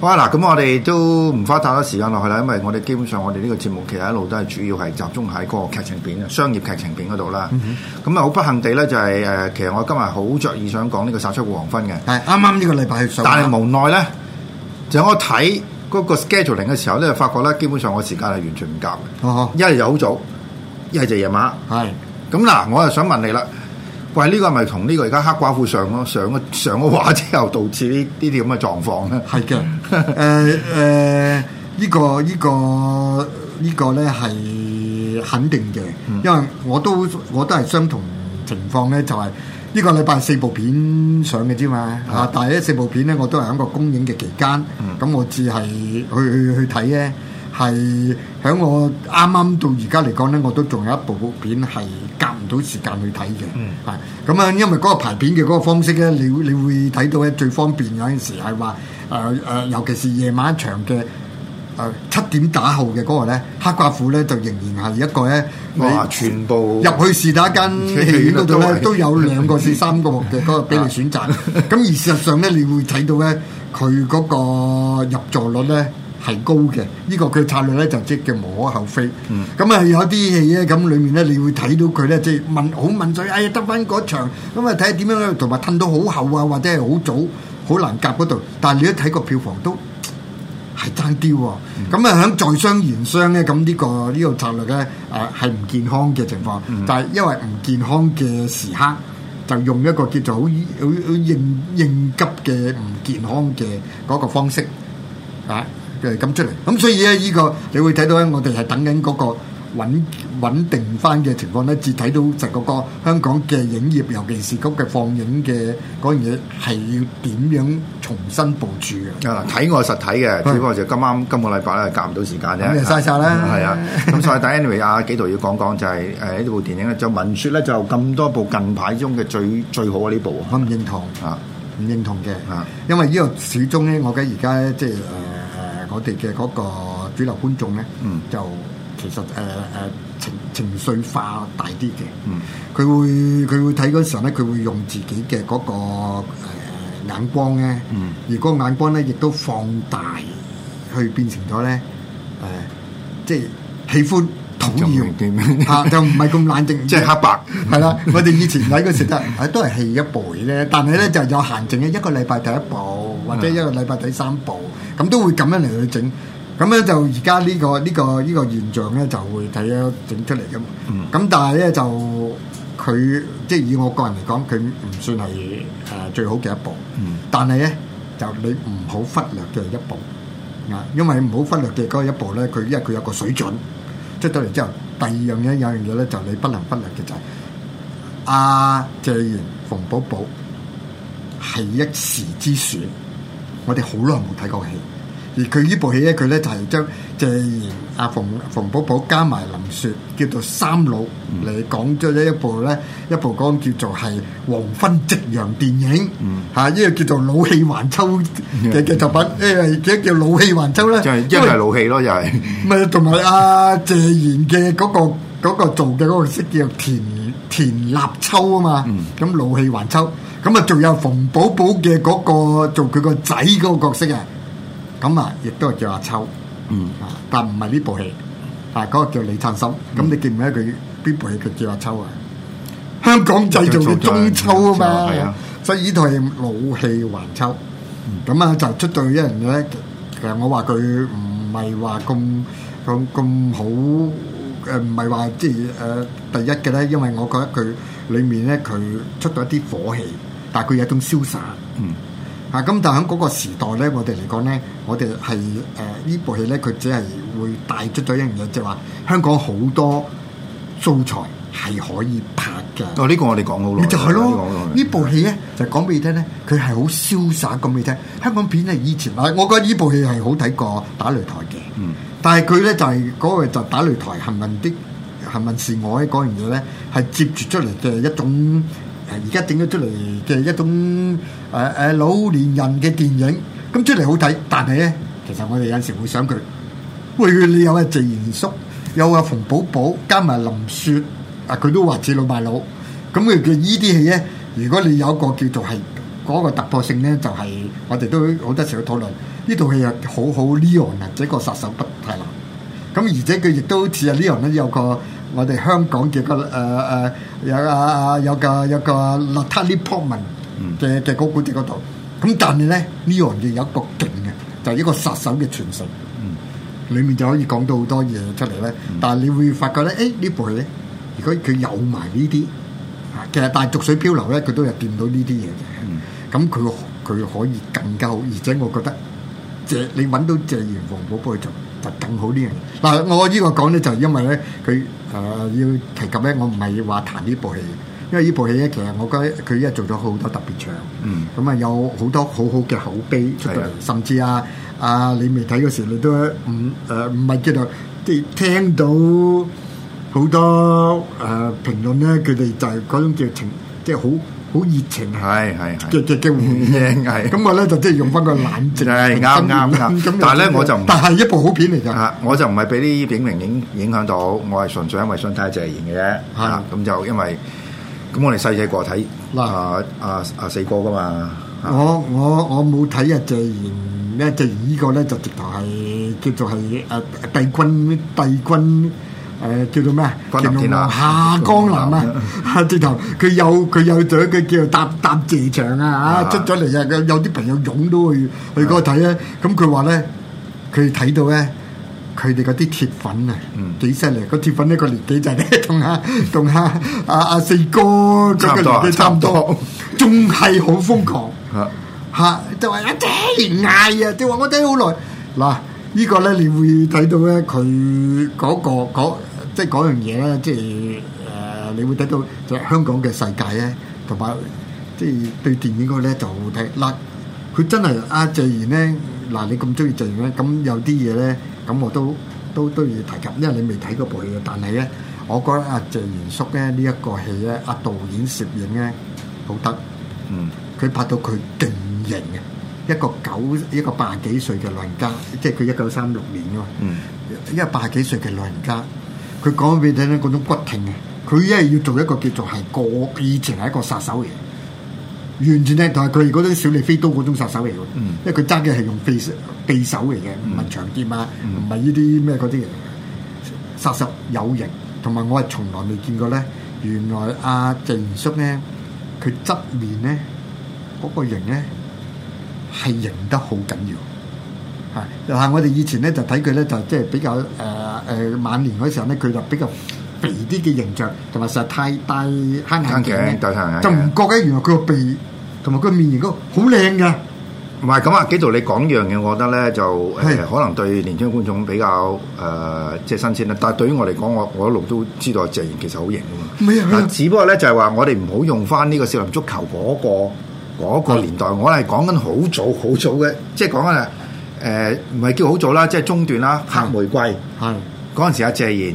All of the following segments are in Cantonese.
哇！嗱，咁我哋都唔花太多時間落去啦，因為我哋基本上我哋呢個節目其實一路都係主要係集中喺嗰個劇情片啊、商業劇情片嗰度啦。咁啊、嗯哼，好不幸地咧，就係、是、誒，其實我今日好着意想講呢個《殺出個黃昏》嘅、嗯。係。啱啱呢個禮拜。但係無奈咧，就我睇嗰個 scheduling 嘅時候咧，就發覺咧，基本上我時間係完全唔夾嘅。一係就好早，一係就夜晚。係是。咁嗱，我又想問你啦。喂，呢個係咪同呢個而家黑寡婦上咯，上咗上咗畫之後導致呢啲咁嘅狀況咧？係嘅，誒誒，呢個呢個呢個咧係肯定嘅，因為我都我都係相同情況咧，就係、是、呢個禮拜四部片上嘅啫嘛，的啊，但係呢四部片咧我都係喺個公映嘅期間，咁、嗯、我只係去去去睇啫。係喺我啱啱到而家嚟講咧，我都仲有一部片係夾唔到時間去睇嘅。嚇咁啊，因為嗰個排片嘅嗰個方式咧，你你會睇到咧最方便有陣時係話誒誒，尤其是夜晚一場嘅誒、呃、七點打後嘅嗰個咧，黑寡婦咧就仍然係一個咧，全部入去是打間戲院嗰度咧，都有兩個至三個嘅嗰個俾你選擇。咁 而事實上咧，你會睇到咧，佢嗰個入座率咧。係高嘅，呢、這個佢策略咧就即係無可厚非。咁啊、嗯、有啲戲咧，咁裏面咧，你會睇到佢咧，即係問好問嘴，哎呀得翻嗰場，咁啊睇下點樣咧，同埋褪到好厚啊，或者係好早、好難夾嗰度。但係你一睇個票房都係爭啲喎。咁啊喺在商言商咧，咁呢個呢個策略咧，誒係唔健康嘅情況，嗯、但係因為唔健康嘅時刻，就用一個叫做好好好應應急嘅唔健康嘅嗰個方式，啊！嘅咁出嚟，咁所以咧、這、依個你會睇到咧，我哋係等緊嗰個穩，穩定翻嘅情況咧，至睇到就嗰個香港嘅影業，尤其是局嘅放映嘅嗰樣嘢係要點樣重新部署。嘅。啊， 睇我實體嘅，只不過就今啱是今個禮拜咧，夾唔到時間啫。嘥曬啦，係啊，咁所以但 anyway，啊， Any way, 幾度要講講就係誒呢部電影咧，就文說咧就咁多部近排中嘅最最好嘅呢部啊，我唔認同啊，唔的認同嘅啊，因為呢個始終咧，我覺得而家即係誒。 我哋嘅嗰個主流觀眾咧，就、嗯、其實誒誒、呃呃、情情緒化大啲嘅，佢、嗯、會佢會睇嗰陣時咧，佢會用自己嘅嗰個眼光咧，而嗰個眼光咧亦都放大去變成咗咧，誒、啊、即係喜歡討厭嚇，就唔係咁冷靜，即係黑白係啦。我哋以前睇嗰時都係睇一部咧，但係咧就有限制嘅，一個禮拜第一部或者一個禮拜第三部。咁都會咁樣嚟去整，咁咧就而家呢個呢、這個呢、這個現象咧就會睇咗整出嚟咁。咁、嗯、但係咧就佢即係以我個人嚟講，佢唔算係誒最好嘅一步。嗯、但係咧就你唔好忽略嘅一步啊，因為你唔好忽略嘅嗰一步咧，佢因為佢有個水準即到嚟之後，第二樣嘢有一樣嘢咧就你不能忽略嘅就係、是、阿、啊、謝賢馮寶寶係一時之選。我哋好耐冇睇過戲，而佢呢部戲咧，佢咧就係將謝賢、阿馮馮寶寶加埋林雪，叫做三老嚟講咗一部咧，一部講叫做係黃昏夕陽電影，吓呢、嗯嗯、個叫做老氣橫秋嘅嘅作品，嗯嗯欸、呢個叫老氣橫秋咧，就係因為老氣咯，又係唔係？同埋阿謝賢嘅嗰個、那個那個做嘅嗰個色叫田田，田立秋啊嘛，咁老氣橫秋。咁啊，仲有馮寶寶嘅嗰個做佢個仔嗰個角色啊，咁啊，亦都係叫阿秋，嗯啊，但唔係呢部戲，啊，嗰個叫李燦森。咁、嗯、你記唔記得佢邊部戲佢叫阿秋啊？香港製造嘅中秋啊嘛，係啊，所以呢套係老戲還秋。咁啊、嗯，就出到一樣嘢咧。其實我話佢唔係話咁咁咁好誒，唔係話即誒第一嘅咧，因為我覺得佢裏面咧佢出咗一啲火氣。但佢有一種瀟灑，嗯，啊，咁但喺嗰個時代咧，我哋嚟講咧，我哋係誒呢部戲咧，佢只係會帶出咗一樣嘢，就係話香港好多素材係可以拍嘅。哦，呢個我哋講好耐，就係咯，呢部戲咧就係講俾你聽咧，佢係好瀟灑咁俾你聽。香港片係以前，我覺得呢部戲係好睇過《打擂台》嘅，嗯，但係佢咧就係嗰個就打擂台，幸運啲，幸運是我嗰樣嘢咧，係接住出嚟嘅一種。而家整咗出嚟嘅一種誒誒、呃呃、老年人嘅電影，咁出嚟好睇，但係咧，其實我哋有陣時會想佢。喂，你有阿謝賢叔，有阿馮寶寶，加埋林雪，啊，佢都話倚老賣老。咁佢嘅依啲戲咧，如果你有個叫做係嗰、那個突破性咧，就係、是、我哋都好多時會討論呢套戲又好好。Leon 啊，這個殺手不太冷。咁而且佢亦都似阿 Leon 咧，有個。我哋香港嘅個誒誒有啊啊有個有個《Natalie Portman 嘅嘅高古碟嗰度，咁、嗯、但係咧呢樣嘢有一個勁嘅，就係、是、一個殺手嘅傳承，嗯、裡面就可以講到好多嘢出嚟咧。但係你會發覺咧，誒、哎、呢部戲，如果佢有埋呢啲，其實濁水漂流咧，佢都有掂到呢啲嘢嘅。咁佢佢可以更加好，而且我覺得。借你揾到謝賢、馮寶寶就就更好啲嗱。我呢個講咧就係因為咧佢，誒要提及咧，我唔係話彈呢部戲，因為呢部戲咧其實我覺得佢依家做咗好多特別場，嗯，咁啊有很多很好多好好嘅口碑出，出嚟。甚至啊啊你未睇嗰時你都唔誒唔係叫做即係聽到好多誒、呃、評論咧，佢哋就係嗰種叫情即係好。好熱情，係係係嘅嘅嘅回係，咁我咧就即係用翻個冷靜係啱啱啱，但係咧我就唔但係一部好片嚟噶，我就唔係俾啲影評影影響到，我係純粹因為想睇下謝賢嘅啫，咁就因為咁我哋細細個睇啊阿啊四哥噶嘛，我我我冇睇啊謝賢，因為謝賢呢個咧就直頭係叫做係啊帝君帝君。誒，叫做咩？乾隆下江南啊！哈，直頭佢有佢有做一句叫搭搭斜牆啊！啊，出咗嚟啊！佢有啲朋友湧都去去嗰度睇咧。咁佢話咧，佢睇到咧，佢哋嗰啲鐵粉啊，幾犀利！個鐵粉呢個年紀就係呢，同下同下阿阿四哥，差唔多，差唔多，仲係好瘋狂吓！吓就話一啲嗌啊！就話我等好耐嗱，呢個咧你會睇到咧，佢嗰個嗰。即係嗰樣嘢咧，即係誒，你會睇到就香港嘅世界咧，同埋即係對電影嗰個咧就好睇。嗱，佢真係阿謝賢咧，嗱你咁中意謝賢咧，咁有啲嘢咧，咁我都都都要提及，因為你未睇過部戲。但係咧，我覺得阿謝賢叔咧呢一個戲咧，阿導演攝影咧好得。嗯，佢拍到佢勁型啊！一個九一個八幾歲嘅老人家，即係佢一九三六年㗎嘛。嗯，因為八幾歲嘅老人家。佢講俾你聽咧，嗰種骨挺啊，佢一係要做一個叫做係個以前係一個殺手嚟，嘅，完全咧但係佢嗰種小李飛刀嗰種殺手嚟喎，嗯、因為佢揸嘅係用匕匕首嚟嘅，唔係長劍啊，唔係呢啲咩嗰啲嘢，殺手有型，同埋我係從來未見過咧，原來阿、啊、鄭叔咧，佢側面咧嗰、嗰個形咧係型得好緊要。啊！又係我哋以前咧就睇佢咧就即係比較誒誒、呃呃、晚年嗰時候咧，佢就比較肥啲嘅形象，同埋實在太戴黑眼鏡，戴慳慳鏡就唔覺得，原來佢個鼻同埋佢面型都好靚嘅。唔係咁啊，紀陶你講樣嘢，我覺得咧就、呃、是可能對年輕觀眾比較誒、呃、即係新鮮啦。但係對於我嚟講，我我一路都知道謝賢其實好型噶嘛。但、啊、只不過咧就係、是、話我哋唔好用翻呢個少林足球嗰、那個嗰、那個年代。是是我係講緊好早好早嘅，即係講緊。誒唔係叫好早啦，即係中段啦，是《黑、啊、玫瑰》嗰陣是時阿、啊、謝賢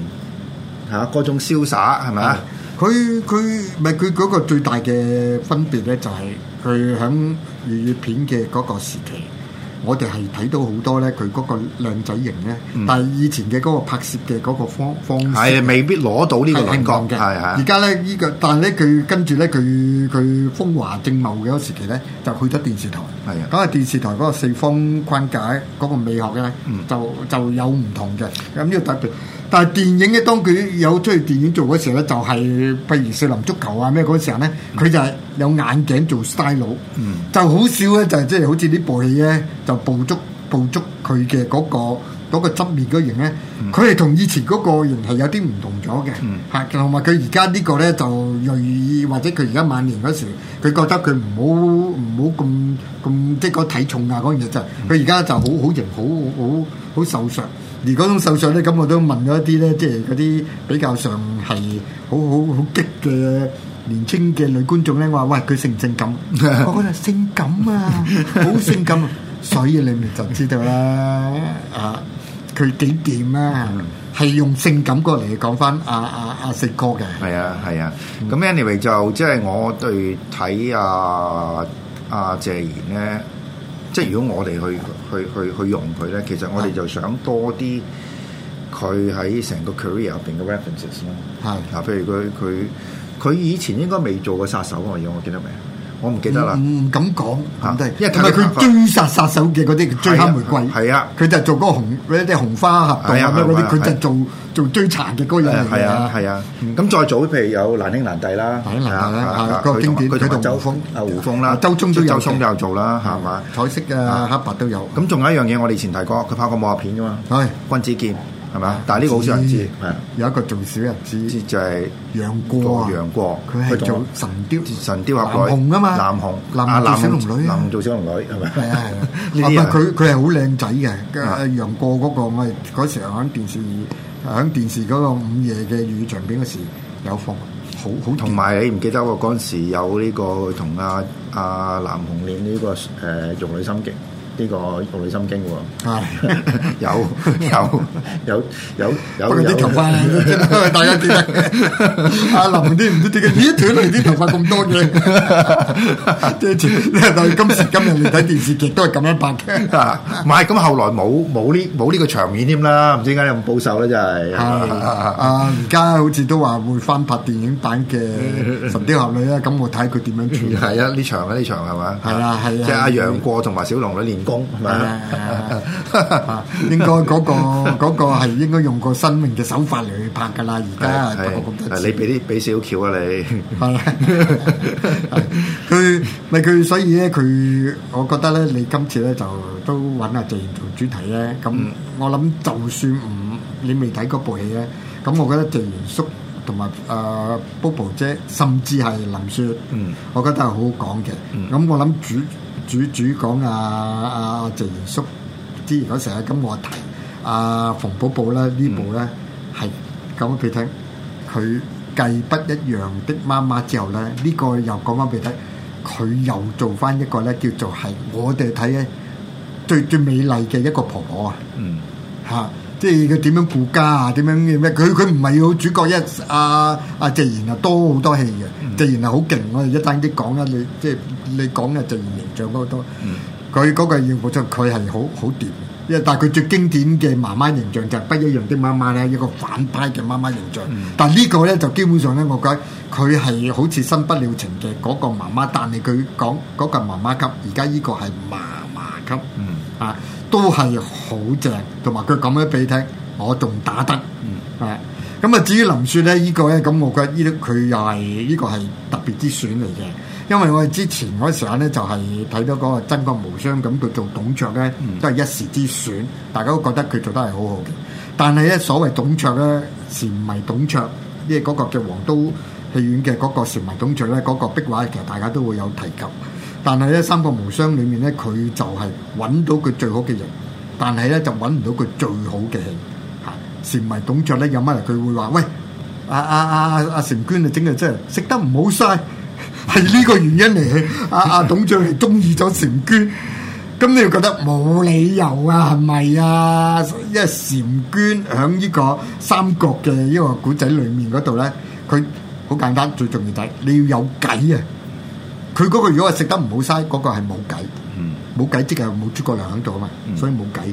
嚇嗰、啊、種瀟灑係咪啊？佢佢唔係，佢嗰個最大嘅分別咧，就係佢喺粵語片嘅嗰個時期。我哋係睇到好多咧，佢嗰個靚仔型咧，嗯、但係以前嘅嗰個拍攝嘅嗰個方、嗯、方式係未必攞到個、啊、呢個眼光嘅，而家咧依個，但係咧佢跟住咧佢佢風華正茂嘅嗰時期咧，就去咗電視台。係啊，咁啊電視台嗰個四方框架嗰個美學咧、嗯，就就有唔同嘅咁呢個特別。嗯嗯嗯嗯嗯嗯但係電影咧，當佢有出去電影做嗰時咧，就係、是、譬如少林足球啊咩嗰時咧，佢、嗯、就係有眼鏡做 style s t y 細佬，就是、好少咧，就係即係好似呢部戲咧，就捕捉捕捉佢嘅嗰個嗰、那個、側面嗰個型咧，佢係同以前嗰個型係有啲唔同咗嘅，嚇同埋佢而家呢個咧就意。或者佢而家晚年嗰時，佢覺得佢唔好唔好咁咁即係個體重啊嗰樣嘢就，佢而家就好好型好好好，好，好，好瘦削。而嗰種受傷咧，咁我都問咗一啲咧，即係嗰啲比較上係好好好激嘅年輕嘅女觀眾咧，話：喂，佢性唔性感，我覺得性感啊， 好性感啊！所以你咪就知道啦，啊，佢幾掂啊？係、嗯、用性感過嚟講翻阿啊啊！四哥嘅，係啊係啊。咁、啊啊啊、anyway 就即係我對睇啊啊謝賢咧，即係如果我哋去。去去去用佢咧，其實我哋就想多啲佢喺成個 career 入邊嘅 references 咯的。係，嗱，譬如佢佢佢以前應該未做過殺手喎，如果我記得明。我唔記得啦。唔敢講，因為同埋佢追殺殺手嘅嗰啲追黑玫瑰。係啊，佢就做嗰個紅嗰啲紅花合作啊，啲佢就做做追查嘅嗰樣嚟啊，係啊。咁再早譬如有《難兄難弟》啦，《難兄難弟》啦，個經典。佢同周峯啊，胡峯胡楓啦，周中都有做啦，係嘛？彩色嘅黑白都有。咁仲有一樣嘢，我哋以前提過，佢拍過武俠片噶嘛？係《君子劍》。係嘛？但係呢個好少人知，有一個仲少人知就係楊過啊！楊過佢係做神雕《神雕俠侶》南紅啊嘛，南紅阿南小龍女啊，南做小龍女係咪？係係。佢佢係好靚仔嘅，阿楊過嗰個咪嗰時喺電視喺電視嗰個午夜嘅雨場邊嗰時有放，好好，同埋你唔記得喎？嗰時有呢個同阿阿南紅練呢個誒《玉女心經》。呢個《玉女心經》喎，有有有有有有啲頭髮咧，大家知得。阿林啲唔知點解，咦？斷完啲頭髮咁多嘅，即係今時今日你睇電視劇都係咁樣拍嘅。唔係咁後來冇冇呢冇呢個場面添啦，唔知點解咁保守咧，就係。阿而家好似都話會翻拍電影版嘅《神鵰俠侶》啊，咁我睇佢點樣轉。係啊，呢場啊呢場係咪？係啊係啊，即係阿楊過同埋小龍女練。工係咪啊？應該嗰、那個嗰、那個係應該用個生命嘅手法嚟去拍噶啦！而家拍咁多你俾啲俾小喬啊你！ 你佢咪佢，所以咧佢，我覺得咧，你今次咧就都揾阿謝賢做主題咧。咁、嗯、我諗，就算唔你未睇嗰部戲咧，咁我覺得謝賢叔同埋啊 Bobo 姐，甚至係林雪，嗯，我覺得係好好講嘅。咁、嗯、我諗主。主主講啊，阿謝賢叔之前家成日咁話題，阿、啊、馮寶寶咧，呢部咧係講翻俾聽，佢、嗯《繼不一樣的媽媽》之後咧，呢、呢個又講翻俾聽，佢又做翻一個咧叫做係我哋睇嘅最最美麗嘅一個婆婆、嗯、啊，嚇！即係佢點樣顧家怎樣怎樣啊？點樣咩佢佢唔係要主角一啊啊，啊！謝賢啊多好多戲嘅、cool, cool.，謝賢係好勁。我哋一單啲講啦，你即係你講嘅謝賢形象嗰好多。佢嗰個要冇佢係好好掂。因為但係佢最經典嘅媽媽形象就係不一樣的媽媽咧，一個反派嘅媽媽形象。但係呢個咧就基本上咧，我覺得佢係好似新不了情嘅嗰個媽媽。但係佢講嗰個媽媽級，而家呢個係媽媽級。啊，都係好正，同埋佢咁樣俾你聽，我仲打得，嗯，係。咁啊，至於林雪咧，呢個咧，咁我覺得呢啲佢又係呢個係特別之選嚟嘅，因為我哋之前嗰時刻咧就係睇到嗰個真三國無雙咁佢做董卓咧都係一時之選，大家都覺得佢做得係好好嘅。但係咧，所謂董卓咧，蟬迷董卓，即係嗰個嘅皇都戲院嘅嗰個蟬迷董卓咧，嗰個壁畫其實大家都會有提及。但係咧，三國無雙裏面咧，佢就係揾到佢最好嘅人，但係咧就揾唔到佢最好嘅戲。嚇，蟬迷董卓咧有乜人？佢會話喂，阿阿阿阿嬋娟啊，整嘅真係食得唔好曬，係呢個原因嚟。阿阿董卓係中意咗嬋娟，咁你又覺得冇理由啊？係咪啊？因為嬋娟喺呢個三國嘅一個古仔裏面嗰度咧，佢好簡單，最重要就係你要有計啊！佢嗰個如果係食得唔好嘥，嗰、那個係冇計，冇計、嗯、即係冇諸葛亮喺度啊嘛，嗯、所以冇計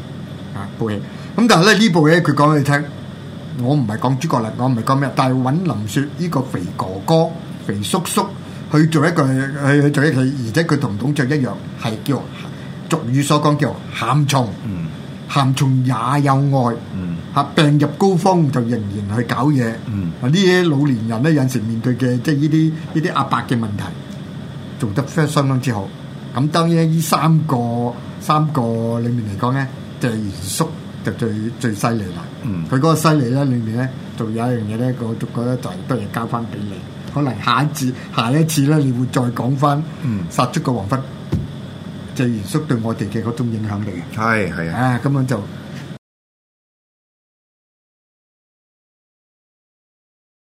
啊部戲。咁但係咧呢部嘢，佢講俾你聽，我唔係講諸葛亮，我唔係講咩，但係搵林雪呢個肥哥哥、肥叔叔去做一個去做一個，去做一個而且佢同董卓一樣，係叫俗語所講叫鹹蟲，鹹蟲、嗯、也有愛，吓、嗯、病入膏肓就仍然去搞嘢。啊、嗯，呢啲、嗯、老年人咧，有時面對嘅即係呢啲呢啲阿伯嘅問題。做得相當之好，咁當然呢，三個三個裏面嚟講咧，謝賢叔就最最犀利啦。嗯，佢嗰個犀利咧裏面咧，仲有一樣嘢咧，我逐覺得就係都係交翻俾你。可能下一次下一次咧，你會再講翻。嗯，殺出個黃昏，謝賢叔對我哋嘅嗰種影響力。係係啊，啊咁樣就。